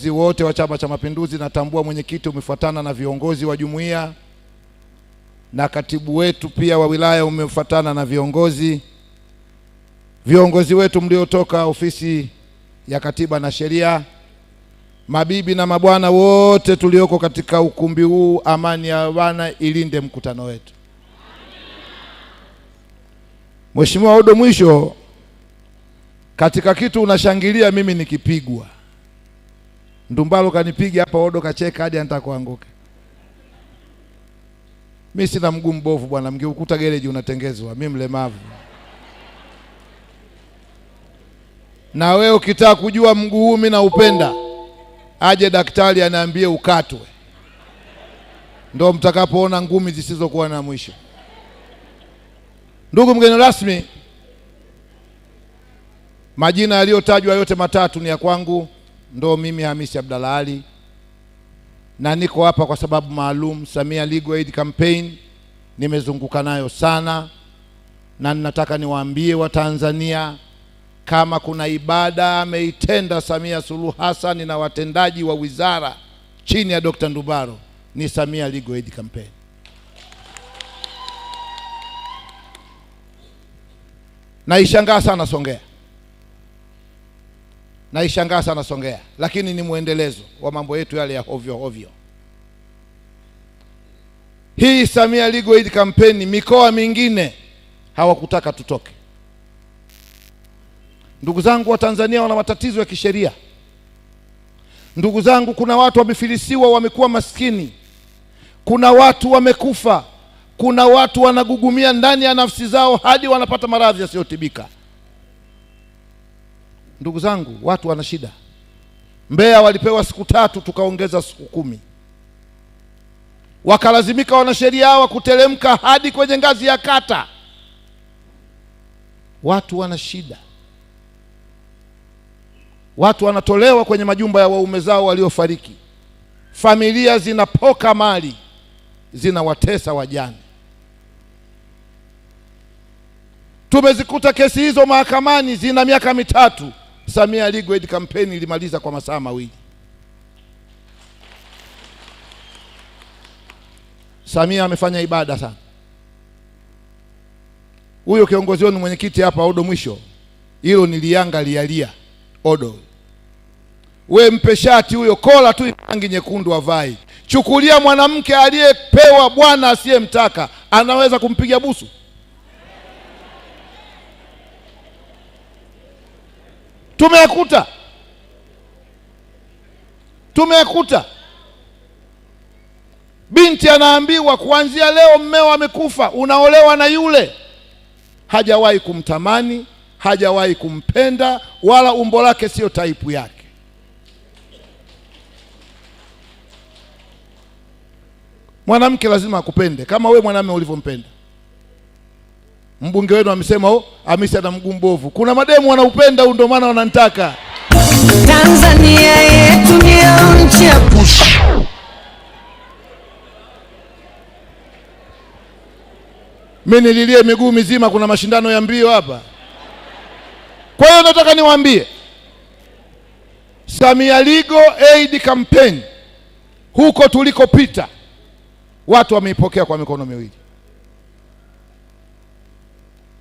Viongozi wote wa Chama cha Mapinduzi, natambua mwenyekiti umefuatana na viongozi wa jumuiya na katibu wetu pia wa wilaya umefuatana na viongozi. Viongozi wetu mliotoka ofisi ya Katiba na Sheria, mabibi na mabwana wote tulioko katika ukumbi huu, amani ya Bwana ilinde mkutano wetu. Mheshimiwa Odo, mwisho katika kitu unashangilia, mimi nikipigwa Ndumbalo kanipiga hapa odo, kacheka hadi anataka kuanguka. Mi sina mguu mbovu bwana, mkiukuta gereji unatengezwa. Mi mlemavu, na wewe ukitaka kujua mguu huu mi naupenda, aje daktari anaambie ukatwe, ndo mtakapoona ngumi zisizokuwa na mwisho. Ndugu mgeni rasmi, majina yaliyotajwa yote matatu ni ya kwangu ndo mimi Hamisi Abdalla Ali, na niko hapa kwa sababu maalum. Samia Legal Aid Campaign nimezunguka nayo sana, na ninataka niwaambie Watanzania kama kuna ibada ameitenda Samia Suluhu Hassan na watendaji wa wizara chini ya Dr. Ndubaro ni Samia Legal Aid Campaign. Naishangaa sana Songea naishangaa sana Songea, lakini ni mwendelezo wa mambo yetu yale ya hovyo hovyo. Hii Samia Legal Aid kampeni, mikoa mingine hawakutaka tutoke. Ndugu zangu, Watanzania wana matatizo ya kisheria. Ndugu zangu, kuna watu wamefilisiwa, wamekuwa maskini, kuna watu wamekufa, kuna watu wanagugumia ndani ya nafsi zao hadi wanapata maradhi yasiyotibika. Ndugu zangu, watu wana shida. Mbeya walipewa siku tatu, tukaongeza siku kumi, wakalazimika wanasheria hawa kuteremka hadi kwenye ngazi ya kata. Watu wana shida, watu wanatolewa kwenye majumba ya waume zao waliofariki, familia zinapoka mali, zinawatesa wajane. Tumezikuta kesi hizo mahakamani zina miaka mitatu. Samia Legal Aid campaign ilimaliza kwa masaa mawili. Samia amefanya ibada sana. Huyo kiongozi wenu mwenyekiti hapa Odo mwisho, hilo nilianga lialia Odo, we mpe shati huyo kola tu rangi nyekundu avai. Chukulia mwanamke aliyepewa bwana asiyemtaka anaweza kumpiga busu? tumeyakuta, tumeyakuta. Binti anaambiwa kuanzia leo mmeo amekufa, unaolewa na yule. Hajawahi kumtamani, hajawahi kumpenda, wala umbo lake siyo taipu yake. Mwanamke lazima akupende kama we mwanamume ulivyompenda. Mbunge wenu amesema oh, Hamisi ana mguu mbovu. Kuna mademu wanaupenda huu, ndio maana wanantaka Tanzania yetu ndio nchi ya push. Mimi nililie miguu mizima, kuna mashindano ya mbio hapa. Kwa hiyo nataka niwaambie Samia Legal Aid Campaign huko tulikopita watu wameipokea kwa mikono miwili.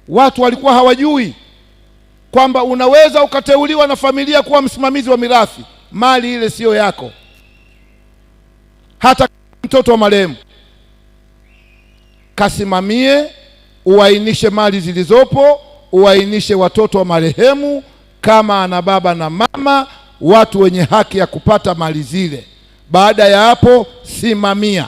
Watu walikuwa hawajui kwamba unaweza ukateuliwa na familia kuwa msimamizi wa mirathi, mali ile siyo yako, hata mtoto wa marehemu. Kasimamie, uainishe mali zilizopo, uainishe watoto wa marehemu, kama ana baba na mama, watu wenye haki ya kupata mali zile. Baada ya hapo, simamia.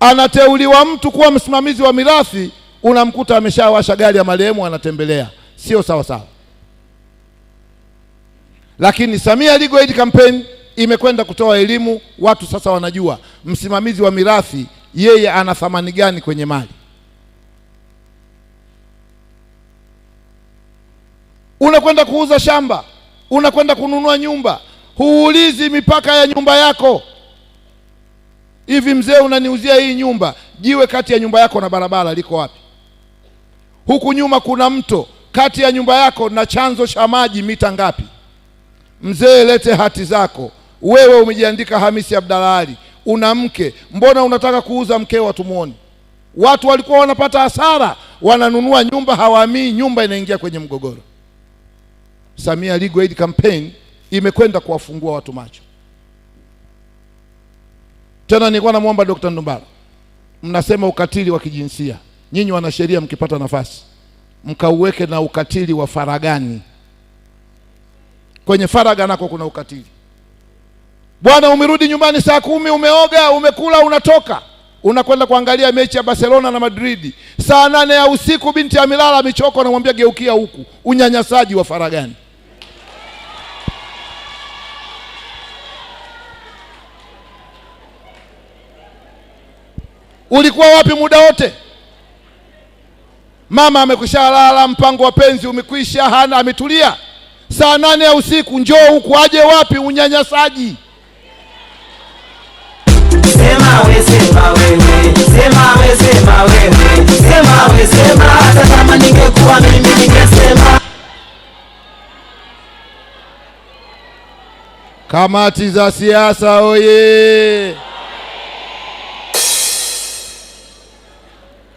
Anateuliwa mtu kuwa msimamizi wa mirathi unamkuta ameshawasha gari ya marehemu anatembelea, sio sawa sawa. Lakini Samia Legal Aid Campaign imekwenda kutoa elimu, watu sasa wanajua msimamizi wa mirathi yeye ana thamani gani kwenye mali. Unakwenda kuuza shamba, unakwenda kununua nyumba, huulizi mipaka ya nyumba yako. Hivi mzee, unaniuzia hii nyumba, jiwe kati ya nyumba yako na barabara liko wapi? Huku nyuma kuna mto kati ya nyumba yako na chanzo cha maji mita ngapi? Mzee, lete hati zako. Wewe umejiandika Hamisi Abdalali, una mke, mbona unataka kuuza mkeo watumwoni? Watu walikuwa wanapata hasara, wananunua nyumba, hawaamini nyumba inaingia kwenye mgogoro. Samia Legal Aid Campaign imekwenda kuwafungua watu macho. Tena nilikuwa namwomba Dr. Ndumbala, mnasema ukatili wa kijinsia nyinyi wanasheria mkipata nafasi mkauweke na ukatili wa faragani. Kwenye faraga nako kuna ukatili. Bwana, umerudi nyumbani saa kumi, umeoga, umekula, unatoka unakwenda kuangalia mechi ya Barcelona na Madrid saa nane ya usiku, binti amelala michoko anamwambia geukia huku. Unyanyasaji wa faragani. Ulikuwa wapi muda wote? mama amekwisha lala, mpango wa penzi umekwisha, hana ametulia. Saa nane ya usiku njoo huku, aje wapi? Unyanyasaji. Kamati za siasa oye!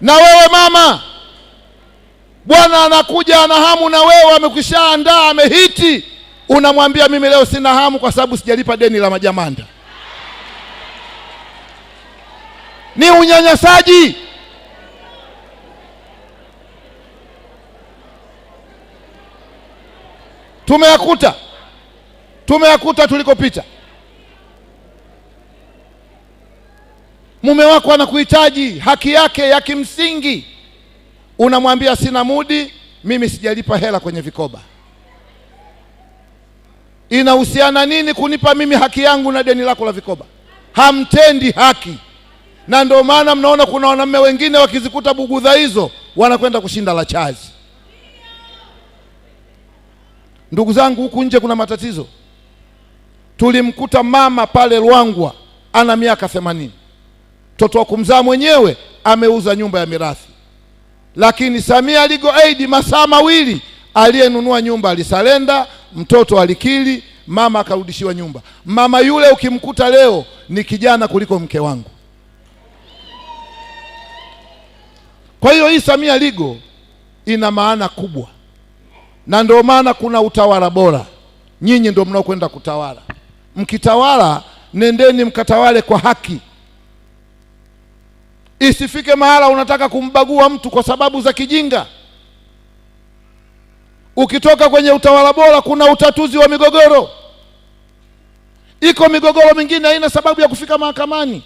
Na wewe mama Bwana anakuja ana hamu na wewe, amekwishaandaa amehiti, unamwambia mimi leo sina hamu kwa sababu sijalipa deni la majamanda. Ni unyanyasaji. Tumeyakuta, tumeyakuta tulikopita. Mume wako anakuhitaji, haki yake ya kimsingi unamwambia sina mudi, mimi sijalipa hela kwenye vikoba. Inahusiana nini kunipa mimi haki yangu na deni lako la vikoba? Hamtendi haki, na ndio maana mnaona kuna wanaume wengine wakizikuta bugudha hizo wanakwenda kushinda la chazi. Ndugu zangu, huku nje kuna matatizo. Tulimkuta mama pale lwangwa ana miaka themanini, mtoto wa kumzaa mwenyewe ameuza nyumba ya mirathi lakini Samia Legal Aid masaa mawili, aliyenunua nyumba alisalenda, mtoto alikili, mama akarudishiwa nyumba. Mama yule ukimkuta leo ni kijana kuliko mke wangu. Kwa hiyo hii Samia Legal ina maana kubwa, na ndio maana kuna utawala bora. Nyinyi ndio mnaokwenda kutawala, mkitawala nendeni mkatawale kwa haki. Isifike mahala unataka kumbagua mtu kwa sababu za kijinga. Ukitoka kwenye utawala bora, kuna utatuzi wa migogoro. Iko migogoro mingine haina sababu ya kufika mahakamani.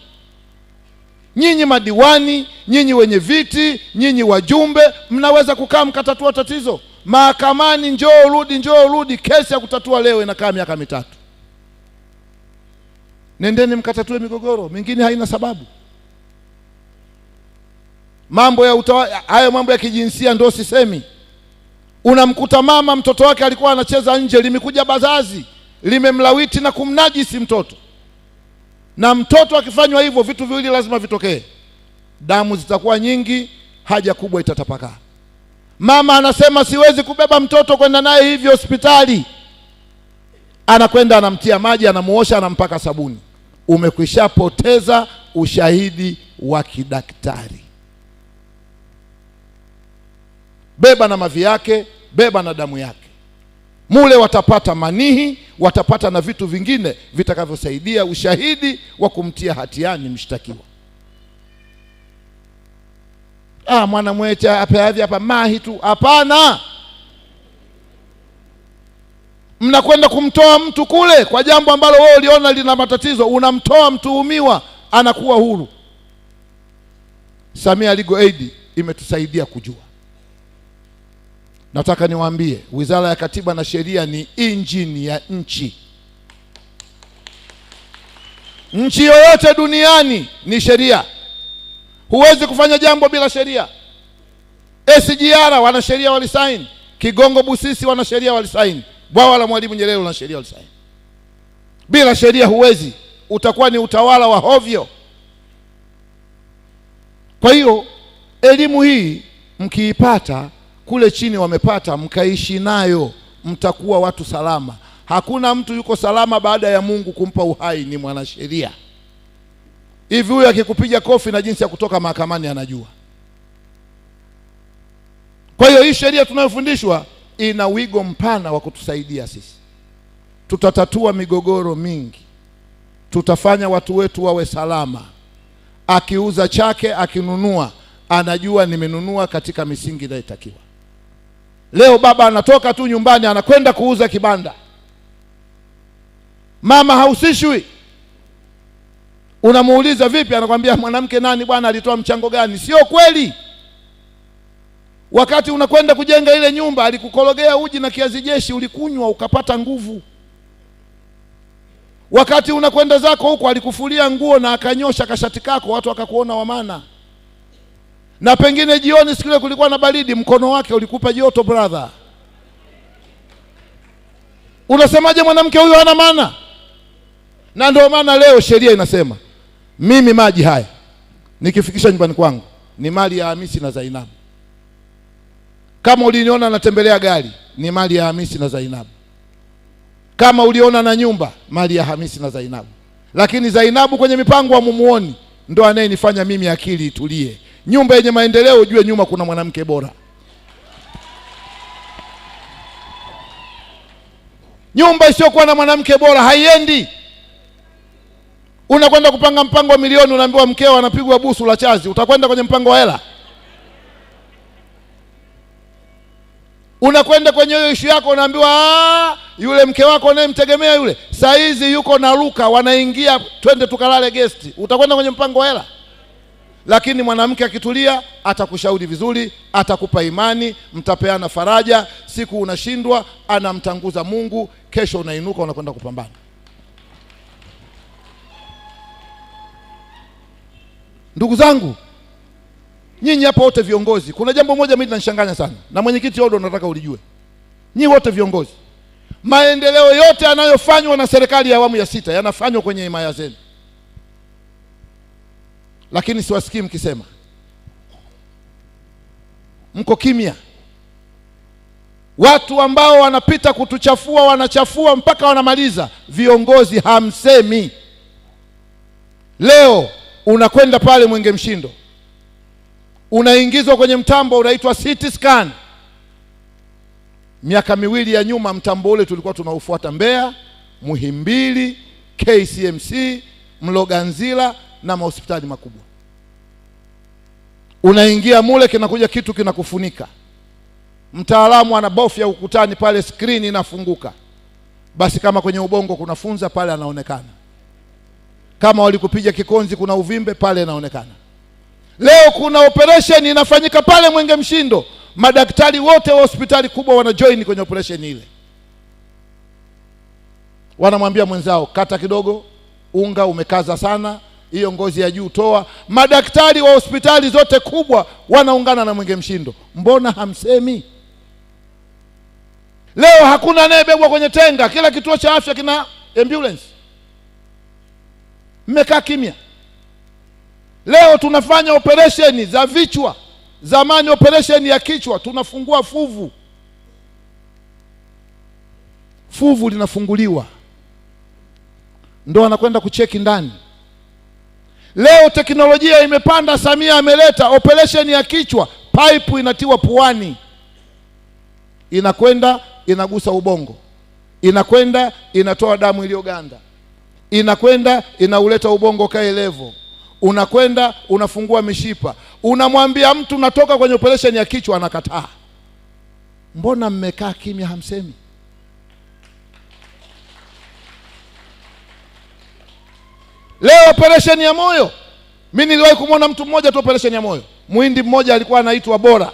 Nyinyi madiwani, nyinyi wenye viti, nyinyi wajumbe, mnaweza kukaa mkatatua tatizo mahakamani. Njoo urudi, njoo urudi, kesi ya kutatua leo inakaa miaka mitatu. Nendeni mkatatue migogoro mingine, haina sababu mambo ya utawala, hayo mambo ya kijinsia ndio sisemi. Unamkuta mama mtoto wake alikuwa anacheza nje, limekuja bazazi limemlawiti na kumnajisi mtoto, na mtoto akifanywa hivyo, vitu viwili lazima vitokee: damu zitakuwa nyingi, haja kubwa itatapakaa. Mama anasema siwezi kubeba mtoto kwenda naye hivi hospitali, anakwenda anamtia maji, anamuosha, anampaka sabuni. Umekwishapoteza ushahidi wa kidaktari. beba na mavi yake, beba na damu yake. Mule watapata manihi, watapata na vitu vingine vitakavyosaidia ushahidi wa kumtia hatiani mshtakiwa. Ah, mwana mwecha apeavya hapa mahi tu? Hapana, mnakwenda kumtoa mtu kule kwa jambo ambalo wewe uliona lina matatizo, unamtoa mtuhumiwa, anakuwa huru. Samia Legal Aid imetusaidia kujua Nataka niwaambie Wizara ya Katiba na Sheria ni injini ya nchi. Nchi yoyote duniani ni sheria, huwezi kufanya jambo bila sheria. SGR sheria walisaini, Kigongo Busisi wana sheria walisaini, bwawa la Mwalimu Nyerere sheria walisaini. Bila sheria huwezi, utakuwa ni utawala wa hovyo. Kwa hiyo elimu hii mkiipata kule chini wamepata, mkaishi nayo, mtakuwa watu salama. Hakuna mtu yuko salama baada ya Mungu kumpa uhai, ni mwanasheria. Hivi huyu akikupiga kofi na jinsi ya kutoka mahakamani anajua. Kwa hiyo hii sheria tunayofundishwa ina wigo mpana wa kutusaidia sisi, tutatatua migogoro mingi, tutafanya watu wetu wawe salama. Akiuza chake, akinunua, anajua nimenunua katika misingi inayotakiwa. Leo baba anatoka tu nyumbani anakwenda kuuza kibanda, mama hahusishwi. Unamuuliza vipi, anakwambia mwanamke nani bwana alitoa mchango gani? Sio kweli. Wakati unakwenda kujenga ile nyumba, alikukorogea uji na kiazi jeshi, ulikunywa ukapata nguvu. Wakati unakwenda zako huko, alikufulia nguo na akanyosha kashati kako, watu wakakuona wamana na pengine jioni siku ile kulikuwa na baridi, mkono wake ulikupa joto. Brother, unasemaje? Mwanamke huyu hana maana. Na ndio maana leo sheria inasema mimi maji haya nikifikisha nyumbani kwangu ni mali ya Hamisi na Zainabu. Kama uliniona natembelea gari, ni mali ya Hamisi na Zainabu. Kama uliona na nyumba, mali ya Hamisi na Zainabu. Lakini Zainabu kwenye mipango amumuoni ndo anayenifanya mimi akili itulie nyumba yenye maendeleo, ujue nyuma kuna mwanamke bora. Nyumba isiyokuwa na mwanamke bora haiendi. Unakwenda kupanga mpango wa milioni, unaambiwa mkeo anapigwa busu la chazi, utakwenda kwenye mpango wa hela? Unakwenda kwenye hiyo ishu yako, unaambiwa ah, yule mke wako unayemtegemea yule saa hizi yuko na ruka wanaingia twende tukalale gesti, utakwenda kwenye mpango wa hela? Lakini mwanamke akitulia, atakushauri vizuri, atakupa imani, mtapeana faraja. Siku unashindwa, anamtanguza Mungu, kesho unainuka, unakwenda kupambana. Ndugu zangu nyinyi hapa wote viongozi, kuna jambo moja mimi linanishanganya sana, na mwenyekiti Odo, nataka ulijue. Nyinyi wote viongozi, maendeleo yote yanayofanywa na serikali ya awamu ya sita yanafanywa kwenye himaya zenu lakini siwasikii mkisema, mko kimya. Watu ambao wanapita kutuchafua wanachafua mpaka wanamaliza, viongozi hamsemi. Leo unakwenda pale Mwenge Mshindo, unaingizwa kwenye mtambo unaitwa CT scan. Miaka miwili ya nyuma mtambo ule tulikuwa tunaufuata Mbeya, Muhimbili, KCMC, Mloganzila na mahospitali makubwa. Unaingia mule, kinakuja kitu kinakufunika, mtaalamu anabofya ukutani pale, skrini inafunguka. Basi kama kwenye ubongo kunafunza pale, anaonekana kama walikupiga kikonzi, kuna uvimbe pale, inaonekana. Leo kuna operation inafanyika pale Mwenge Mshindo, madaktari wote wa hospitali kubwa wanajoin kwenye operation ile. Wanamwambia mwenzao, kata kidogo, unga umekaza sana, hiyo ngozi ya juu toa. Madaktari wa hospitali zote kubwa wanaungana na Mwenge Mshindo, mbona hamsemi? Leo hakuna anayebebwa kwenye tenga, kila kituo cha afya kina ambulance. Mmekaa kimya. Leo tunafanya operesheni za vichwa, zamani operesheni ya kichwa, tunafungua fuvu. Fuvu linafunguliwa ndo anakwenda kucheki ndani. Leo teknolojia imepanda, Samia ameleta operesheni ya kichwa, paipu inatiwa puani, inakwenda inagusa ubongo, inakwenda inatoa damu iliyoganda, inakwenda inauleta ubongo kae levo, unakwenda unafungua mishipa. Unamwambia mtu natoka kwenye operesheni ya kichwa, anakataa. Mbona mmekaa kimya, hamsemi? Leo operesheni ya moyo, mi niliwahi kumwona mtu mmoja tu operesheni ya moyo. Muhindi mmoja alikuwa anaitwa Bora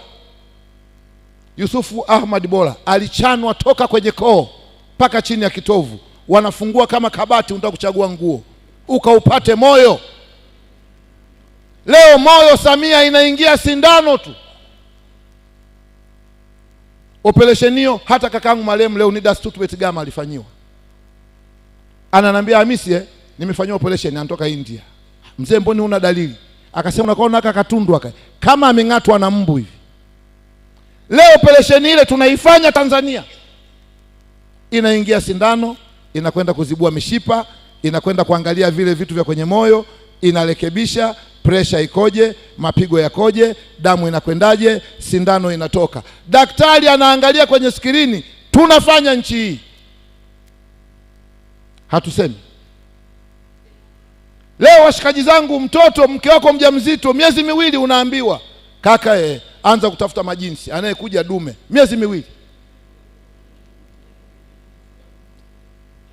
Yusufu Ahmad Bora, alichanwa toka kwenye koo mpaka chini ya kitovu, wanafungua kama kabati, unataka kuchagua nguo ukaupate moyo. Leo moyo Samia inaingia sindano tu operesheni hiyo. Hata kakaangu marehemu leo ni gama alifanyiwa, ananiambia Hamisi eh nimefanyiwa operation anatoka India. Mzee, mboni una dalili? Akasema unaona aka katundwa aka kama ameng'atwa na mbu hivi. Leo operation ile tunaifanya Tanzania, inaingia sindano, inakwenda kuzibua mishipa, inakwenda kuangalia vile vitu vya kwenye moyo, inarekebisha presha ikoje, mapigo yakoje, damu inakwendaje, sindano inatoka, daktari anaangalia kwenye skrini. Tunafanya nchi hii, hatusemi Leo washikaji zangu, mtoto mke wako mjamzito, miezi miwili, unaambiwa kaka, ye, eh, anza kutafuta majinsi, anayekuja dume. Miezi miwili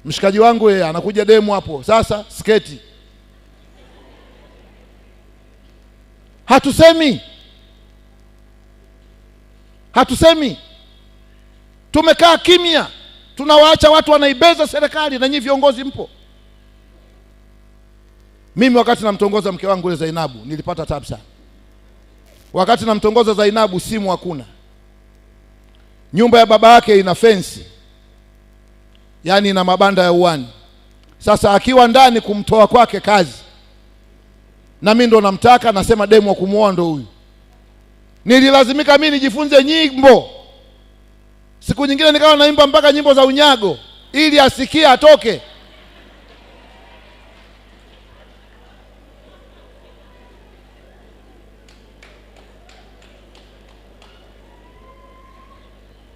mshikaji wangu yeye eh, anakuja demu hapo sasa, sketi. Hatusemi, hatusemi, tumekaa kimya, tunawaacha watu wanaibeza serikali, na nyinyi viongozi mpo. Mimi wakati namtongoza mke wangu yule Zainabu nilipata tabu sana. Wakati namtongoza Zainabu simu hakuna. Nyumba ya baba yake ina fensi, yaani ina mabanda ya uwani. Sasa akiwa ndani, kumtoa kwake kazi, na mimi ndo namtaka, nasema demu wa kumuoa ndo huyu. Nililazimika mimi nijifunze nyimbo, siku nyingine nikawa naimba mpaka nyimbo za unyago ili asikie atoke.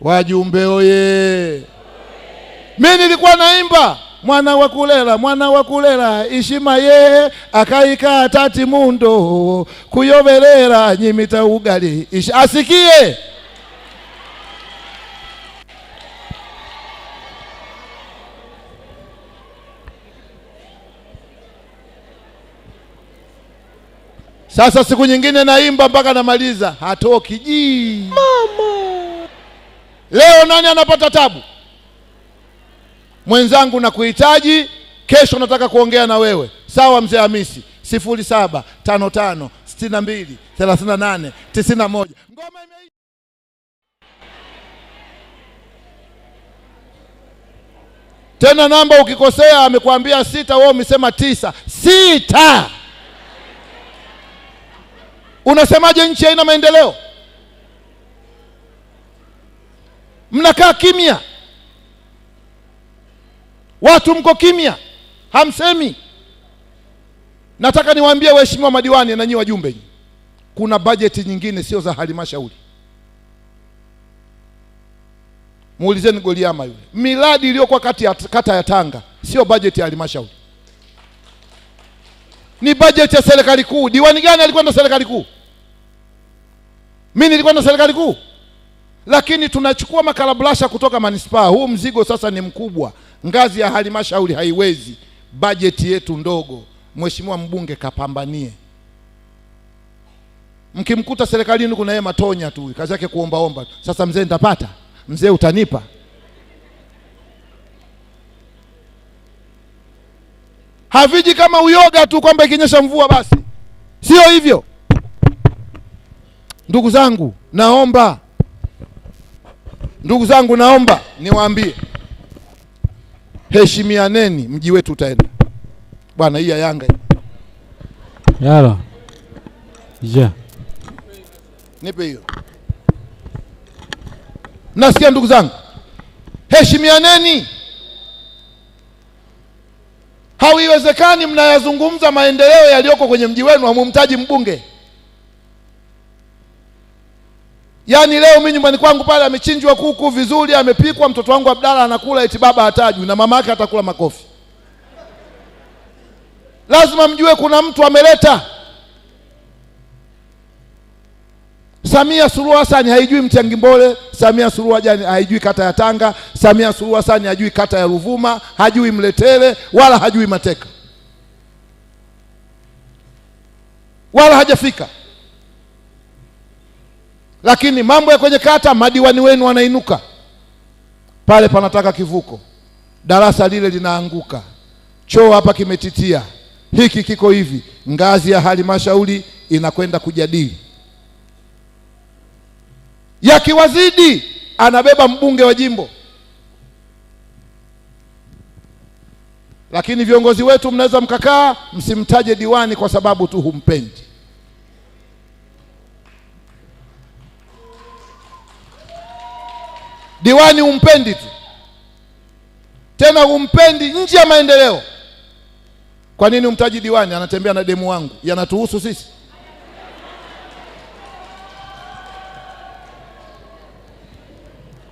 Wajumbe oye! Mi nilikuwa naimba mwana wa kulela mwana wa kulela ishima ye akaikaa tati mundo kuyovelela nyimita ugali ish, asikie sasa. Siku nyingine naimba mpaka namaliza, hatoki jii mama Leo nani anapata tabu? Mwenzangu nakuhitaji, kesho nataka kuongea na wewe. Sawa, mzee Hamisi. sifuri saba tano tano sitini na mbili thelathini na nane tisini na moja ngoma ime tena namba ukikosea, amekwambia sita, wewe umesema tisa. Sita, unasemaje? Nchi haina maendeleo. mnakaa kimya, watu mko kimya, hamsemi. Nataka niwaambie waheshimiwa madiwani na nyinyi wajumbe, kuna bajeti nyingine sio za halmashauri. Muulizeni Goliama yule, miradi iliyokuwa kata ya Tanga sio bajeti ya halmashauri, ni bajeti ya serikali kuu. Diwani gani alikwenda serikali kuu? Mimi nilikwenda serikali kuu lakini tunachukua makarabrasha kutoka manispaa. Huu mzigo sasa ni mkubwa, ngazi ya halmashauri haiwezi, bajeti yetu ndogo. Mheshimiwa mbunge kapambanie. Mkimkuta serikalini kuna yeye matonya tu, kazi yake kuombaomba. Sasa mzee nitapata, mzee utanipa. Haviji kama uyoga tu kwamba ikinyesha mvua basi, sio hivyo. Ndugu zangu, naomba Ndugu zangu, naomba niwaambie, heshimianeni, mji wetu utaenda bwana. Hii ya Yanga yala ja Nipe hiyo, nasikia ndugu zangu, heshimianeni. Haiwezekani mnayazungumza maendeleo yaliyoko kwenye mji wenu, hamumtaji mbunge Yaani leo mimi nyumbani kwangu pale amechinjwa kuku vizuri, amepikwa, mtoto wangu Abdalla anakula eti baba hataju na mama yake atakula makofi. Lazima mjue kuna mtu ameleta. Samia Suluhu Hassan haijui Mchangimbole, Samia Suluhu Hassan haijui kata ya Tanga, Samia Suluhu Hassan hajui kata ya Ruvuma, hajui Mletele wala hajui Mateka, wala hajafika lakini mambo ya kwenye kata, madiwani wenu wanainuka pale, panataka kivuko, darasa lile linaanguka, choo hapa kimetitia, hiki kiko hivi, ngazi ya halmashauri inakwenda kujadili. Yakiwazidi anabeba mbunge wa jimbo. Lakini viongozi wetu mnaweza mkakaa msimtaje diwani kwa sababu tu humpendi. Diwani umpendi tu, tena umpendi nje ya maendeleo. Kwa nini umtaji diwani? Anatembea na demu wangu, yanatuhusu sisi?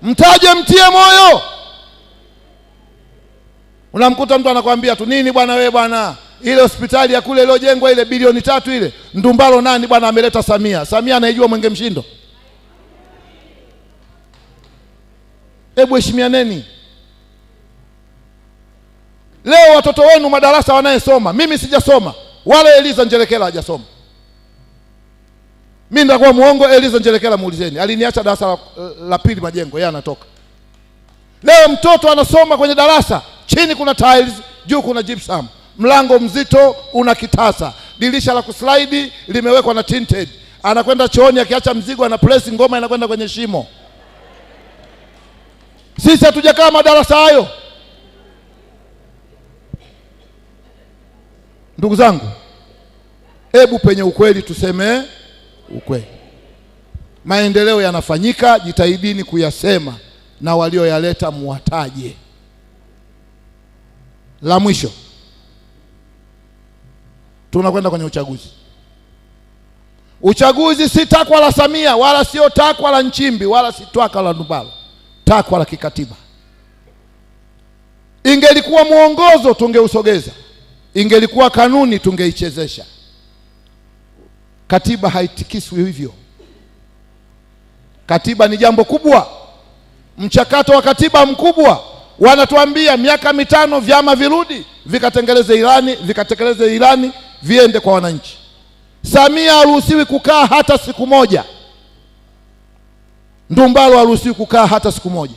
Mtaje, mtie moyo. Unamkuta mtu anakwambia tu nini bwana, wewe bwana, ile hospitali ya kule iliyojengwa ile bilioni tatu ile ndumbalo nani bwana ameleta? Samia. Samia anaijua Mwenge Mshindo? Hebu heshimianeni. Leo watoto wenu madarasa wanayesoma, mimi sijasoma, wala Eliza Njelekela hajasoma. Mi ndakuwa muongo? Eliza Njelekela muulizeni, aliniacha darasa la, la pili Majengo, yeye anatoka leo. Mtoto anasoma kwenye darasa, chini kuna tiles, juu kuna gypsum, mlango mzito una kitasa, dirisha la kuslaidi limewekwa na tinted. Anakwenda chooni, akiacha mzigo ana press ngoma, inakwenda kwenye shimo. Sisi hatujakaa madarasa hayo, ndugu zangu. Hebu penye ukweli tuseme ukweli. Maendeleo yanafanyika, jitahidini kuyasema, na walioyaleta muwataje. La mwisho, tunakwenda kwenye uchaguzi. Uchaguzi si takwa la Samia wala sio takwa la Nchimbi wala si takwa la Ndumbala takwa la kikatiba. Ingelikuwa mwongozo tungeusogeza, ingelikuwa kanuni tungeichezesha. Katiba haitikiswi hivyo. Katiba ni jambo kubwa, mchakato wa katiba mkubwa. Wanatuambia miaka mitano vyama virudi vikatengeleze ilani, vikatekeleze ilani, viende kwa wananchi. Samia haruhusiwi kukaa hata siku moja ndumbalo haruhusiwi kukaa hata siku moja,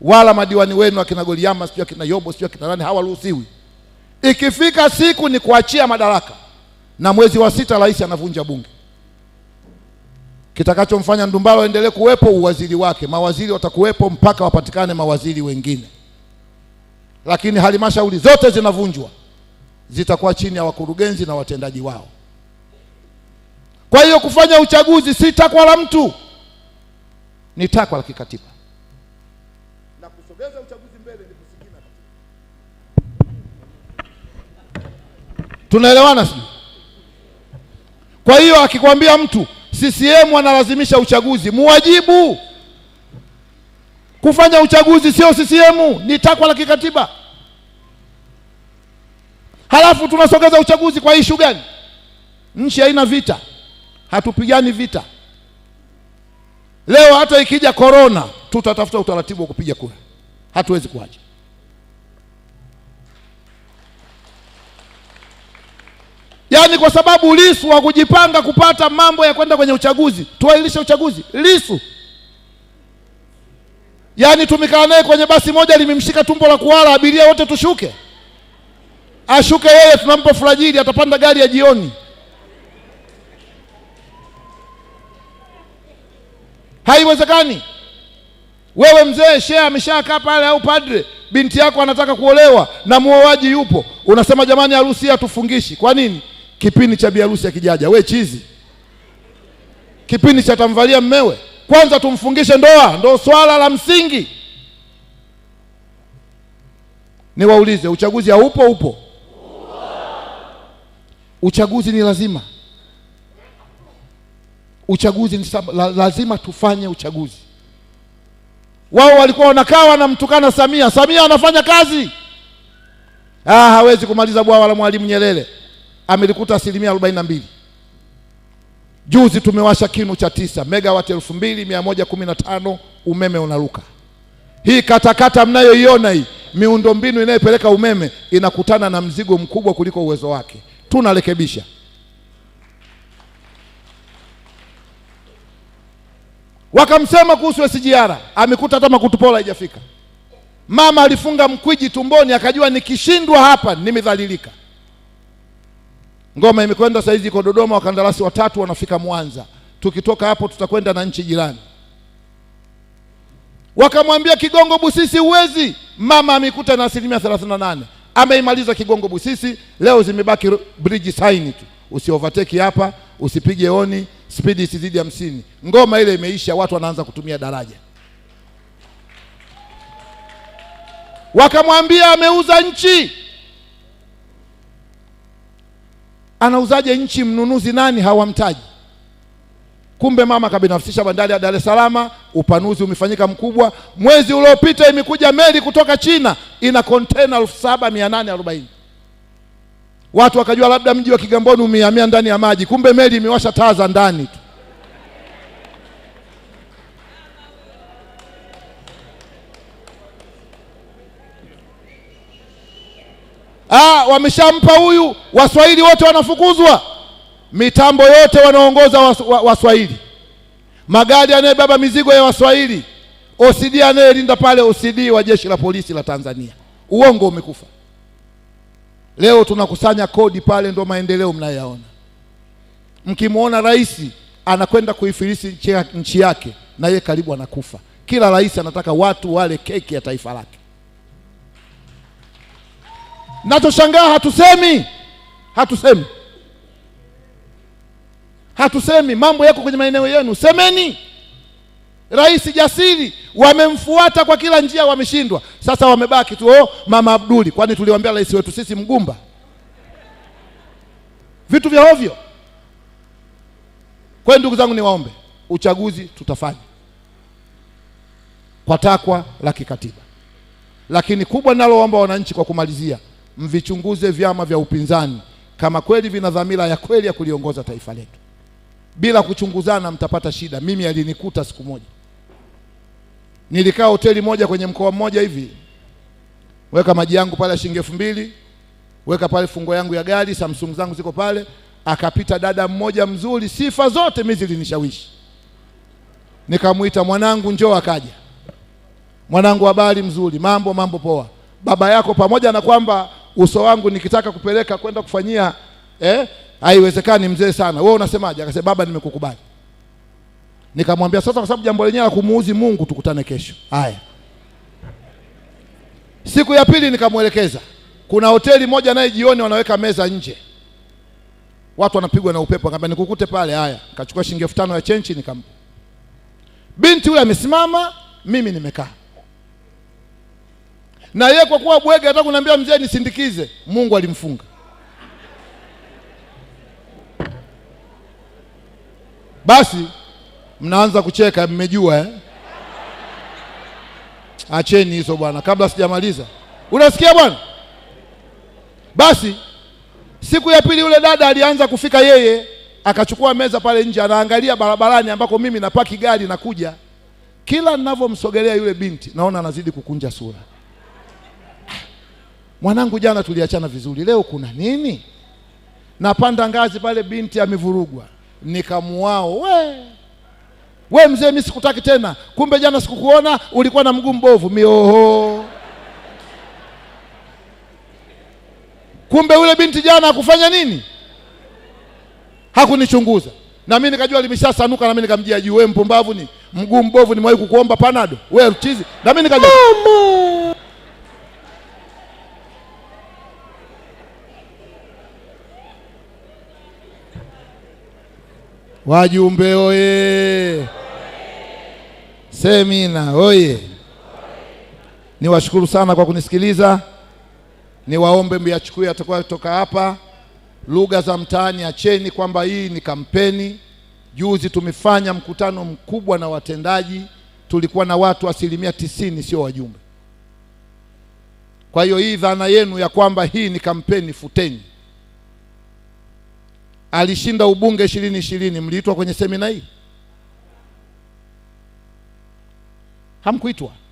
wala madiwani wenu akina Goliama sio akina Yobo sio akina nani, hawaruhusiwi. Ikifika siku ni kuachia madaraka, na mwezi wa sita rais anavunja bunge. Kitakachomfanya ndumbalo aendelee kuwepo uwaziri wake, mawaziri watakuwepo mpaka wapatikane mawaziri wengine, lakini halmashauri zote zinavunjwa, zitakuwa chini ya wakurugenzi na watendaji wao. Kwa hiyo kufanya uchaguzi si takwa la mtu ni takwa la kikatiba na kusogeza uchaguzi mbele ni kusikina katiba. Tunaelewana si Kwa hiyo akikwambia mtu CCM wanalazimisha uchaguzi, muwajibu kufanya uchaguzi, sio CCM, ni takwa la kikatiba. Halafu tunasogeza uchaguzi kwa ishu gani? Nchi haina vita, hatupigani vita. Leo hata ikija korona, tutatafuta utaratibu wa kupiga kura, hatuwezi kuacha. Yaani kwa sababu Lisu wa kujipanga kupata mambo ya kwenda kwenye uchaguzi, tuahirishe uchaguzi Lisu. Yaani tumekaa naye kwenye basi moja, limemshika tumbo la kuwala, abiria wote tushuke, ashuke yeye, tunampa furajili, atapanda gari ya jioni. Haiwezekani. Wewe mzee shehe ameshakaa pale, au padre, binti yako anataka kuolewa na muoaji yupo, unasema jamani, harusi hatufungishi. Kwa nini? Kipindi cha biharusi akijaja, we chizi, kipindi cha tamvalia mmewe kwanza tumfungishe ndoa, ndo swala la msingi. Niwaulize, uchaguzi haupo? Upo, uchaguzi ni lazima uchaguzi ni lazima tufanye uchaguzi. Wao walikuwa wanakaa wanamtukana Samia, Samia anafanya kazi ah, hawezi kumaliza bwawa la Mwalimu Nyerere, amelikuta asilimia arobaini na mbili. Juzi tumewasha kinu cha tisa megawati elfu mbili mia moja kumi na tano umeme unaruka. Hii katakata mnayoiona hii miundombinu inayopeleka umeme inakutana na mzigo mkubwa kuliko uwezo wake, tunarekebisha. Wakamsema kuhusu SGR, amekuta hata makutupola haijafika. Mama alifunga mkwiji tumboni, akajua nikishindwa hapa nimedhalilika. Ngoma imekwenda saa hizi iko Dodoma, wakandarasi watatu wanafika Mwanza, tukitoka hapo tutakwenda na nchi jirani. Wakamwambia Kigongo Busisi huwezi. Mama amekuta na asilimia 38, ameimaliza Kigongo Busisi. Leo zimebaki bridge sign tu, usiovateki hapa, usipige oni spidi isizidi hamsini. Ngoma ile imeisha, watu wanaanza kutumia daraja. Wakamwambia ameuza nchi. Anauzaje nchi? Mnunuzi nani? Hawamtaji. Kumbe mama kabinafsisha bandari ya Dar es Salaam, upanuzi umefanyika mkubwa. Mwezi uliopita imekuja meli kutoka China ina kontena elfu saba mia nane arobaini watu wakajua labda mji wa Kigamboni umehamia ndani ya maji, kumbe meli imewasha taa za ndani tu. Ah, wameshampa huyu, Waswahili wote wanafukuzwa, mitambo yote wanaongoza Waswahili, magari yanayobeba mizigo ya Waswahili, OCD anayelinda pale, OCD wa jeshi la polisi la Tanzania. Uongo umekufa. Leo tunakusanya kodi pale, ndo maendeleo mnayaona. Mkimwona rais anakwenda kuifilisi nchi yake, na ye karibu anakufa. Kila rais anataka watu wale keki ya taifa lake. Nachoshangaa hatusemi, hatusemi, hatusemi. Mambo yako kwenye maeneo yenu, semeni rais jasiri, wamemfuata kwa kila njia, wameshindwa. Sasa wamebaki tu oh, mama Abduli. Kwani tuliwaambia rais wetu sisi mgumba? Vitu vya ovyo. Kwa hiyo ndugu zangu, niwaombe, uchaguzi tutafanya kwa takwa la kikatiba, lakini kubwa ninaloomba wananchi kwa kumalizia, mvichunguze vyama vya upinzani kama kweli vina dhamira ya kweli ya kuliongoza taifa letu. Bila kuchunguzana mtapata shida. Mimi alinikuta siku moja. Nilikaa hoteli moja kwenye mkoa mmoja hivi, weka maji yangu pale shilingi elfu mbili weka pale fungo yangu ya gari, Samsung zangu ziko pale. Akapita dada mmoja mzuri, sifa zote mimi zilinishawishi, nikamwita mwanangu, njoo. Akaja mwanangu, habari? Mzuri, mambo mambo, poa. Baba yako pamoja na kwamba uso wangu nikitaka kupeleka kwenda kufanyia eh, haiwezekani mzee sana, wewe unasemaje? Akasema baba, nimekukubali. Nikamwambia sasa, kwa sababu jambo lenyewe la kumuuzi Mungu, tukutane kesho. Haya, siku ya pili nikamwelekeza, kuna hoteli moja naye jioni wanaweka meza nje, watu wanapigwa na upepo. Akamwambia nikukute pale. Haya, kachukua shilingi elfu tano ya chenchi, nikampa binti. Yule amesimama, mimi nimekaa na yeye kwa kuwa bwege hata kuniambia mzee nisindikize, Mungu alimfunga. Basi Mnaanza kucheka, mmejua eh? Acheni hizo bwana, kabla sijamaliza. Unasikia bwana? Basi siku ya pili yule dada alianza kufika, yeye akachukua meza pale nje, anaangalia barabarani ambako mimi napaki gari nakuja. Kila ninavyomsogelea yule binti, naona anazidi kukunja sura. Ah, mwanangu, jana tuliachana vizuri, leo kuna nini? Napanda ngazi pale, binti amevurugwa, nikamuao we we mzee, mi sikutaki tena, kumbe jana sikukuona, ulikuwa na mguu mbovu. Mioho, kumbe yule binti jana hakufanya nini? Hakunichunguza na mimi nikajua limeshasanuka, na mimi nikamjia juu, we mpumbavu, ni mguu mbovu, nimewahi kukuomba panado Wewe chizi, na mimi nikajua Mama. Wajumbe oye! Semina oye! Niwashukuru sana kwa kunisikiliza. Niwaombe myachukue atakuwa toka hapa, lugha za mtaani acheni, kwamba hii ni kampeni. Juzi tumefanya mkutano mkubwa na watendaji, tulikuwa na watu asilimia tisini sio wajumbe. Kwa hiyo hii dhana yenu ya kwamba hii ni kampeni, futeni alishinda ubunge ishirini ishirini, mliitwa kwenye semina hii? Hamkuitwa.